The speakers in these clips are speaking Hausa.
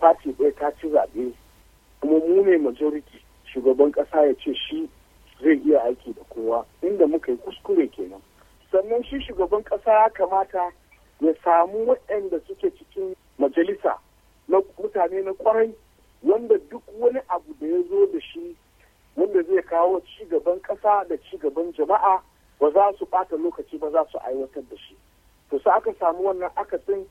party ɗaya ta ci zaɓe kuma mu ne majority shugaban ƙasa ya ce shi zai iya aiki da kowa inda muka yi kuskure kenan sannan shi shugaban ƙasa ya kamata ya samu waɗanda suke cikin majalisa na mutane na kwarai wanda duk wani abu da ya zo da shi wanda zai kawo ci gaban ƙasa da ci gaban jama'a ba za su ɓata lokaci ba za su aiwatar da shi to sai aka samu wannan akasin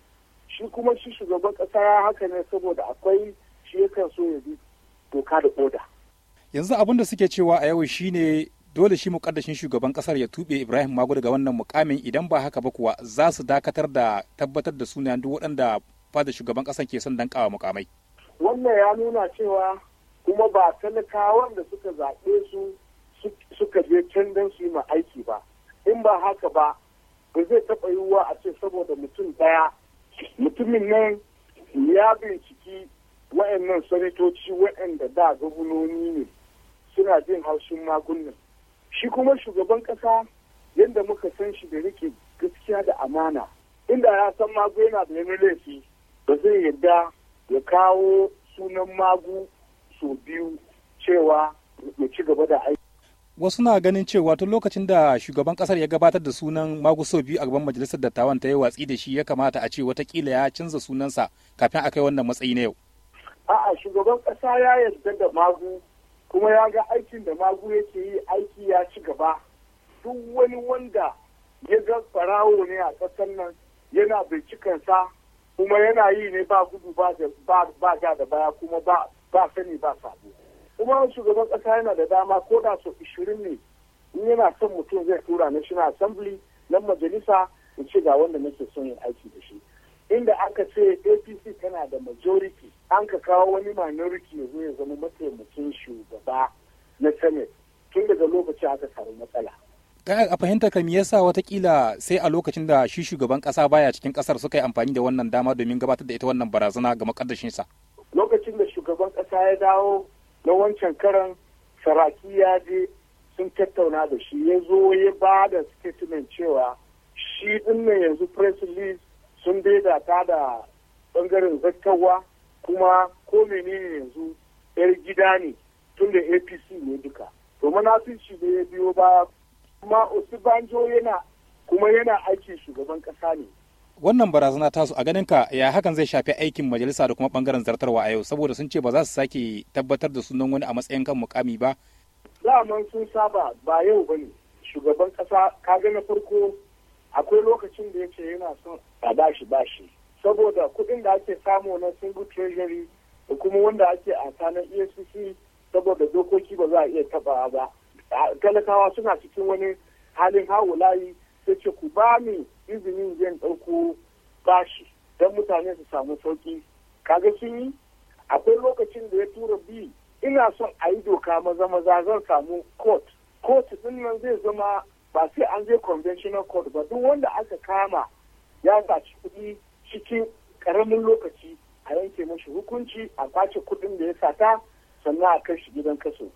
shi kuma shi shugaban kasa ya haka ne saboda akwai shi yakan so ya bi doka da oda yanzu abin da suke cewa a yau shine dole shi mukaddashin shugaban kasar ya tuɓe ibrahim mago daga wannan mukamin idan ba haka ba kuwa za su dakatar da tabbatar da sunayen duk waɗanda fada shugaban ƙasar ke son dankawa mukamai wannan ya nuna cewa kuma ba talakawan da suka zaɓe su suka je can don su yi ma aiki ba in ba haka ba ba zai taɓa yiwuwa a ce saboda mutum ɗaya mutumin nan ya binciki wa'annan sanitoci wa'anda da gabanoni ne suna jin haushin magunan shi kuma shugaban kasa yadda muka san shi da rike gaskiya da amana inda ya san magu yana da yanar laifi ba zai yarda ya kawo sunan magu sau biyu cewa ya ci gaba da aiki wasu na ganin cewa tun lokacin da shugaban kasar ya gabatar da sunan maguso biyu a gaban majalisar dattawan ta yi watsi da shi ya kamata a ce watakila ya canza sunansa kafin a kai wannan matsayi na yau a'a shugaban kasa ya yarda da magu kuma ya ga aikin da magu yake yi aiki ya ci gaba duk wani wanda ya ga farawo ne a ƙasar nan yana bincikansa kuma yana yi ne ba gudu ba da ba da baya kuma ba sani ba sabo kuma shugaban kasa yana da dama ko da so ishirin ne in yana son mutum zai tura national assembly nan majalisa in ce ga wanda nake son yin aiki da shi inda aka ce apc tana da majority an ka kawo wani minority ya zo ya zama mataimakin shugaba na senate tun daga lokaci aka samu matsala a fahimta ka me yasa watakila sai a lokacin da shi shugaban kasa baya cikin kasar suka yi amfani da wannan dama domin gabatar da ita wannan barazana ga makaddashin lokacin da shugaban kasa ya dawo na wancan karan saraki ya je sun tattauna da shi ya zo ya ba da statement cewa shi ɗinnan yanzu press sun daida ta da bangaren zattawa kuma ko menene yanzu yar gida ne tun da apc ne duka to munafici da ya biyo ba. kuma osibanjo yana kuma yana aiki shugaban kasa ne wannan barazana su a ganin ka ya hakan zai shafi aikin majalisa da kuma bangaren zartarwa a yau saboda sun ce ba za su sake tabbatar da sunan wani a matsayin kan mukami ba daman sun saba ba yau bane shugaban kasa ga na farko akwai lokacin da yake yana son a bashi bashi saboda kuɗin da ake samu na single treasury da kuma wanda ake a na efcc e saboda dokoki ba za a iya taba ba talakawa suna cikin wani halin layi. ta ce ku ba ni izinin zan ɗauko bashi don mutane su samu sauki kaga sun yi akwai lokacin da ya tura bi ina son a yi doka maza maza zan samu court court din nan zai zama ba sai an je conventional court ba duk wanda aka kama ya saci kuɗi cikin ƙaramin lokaci a yanke mashi hukunci a kwace kuɗin da ya sata sannan a kashi gidan kaso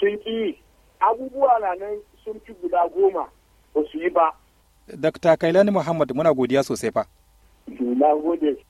sun ki abubuwa na nan sun fi guda goma ba su yi ba. Dakta Kailani Muhammad muna godiya sosai fa. Na gode.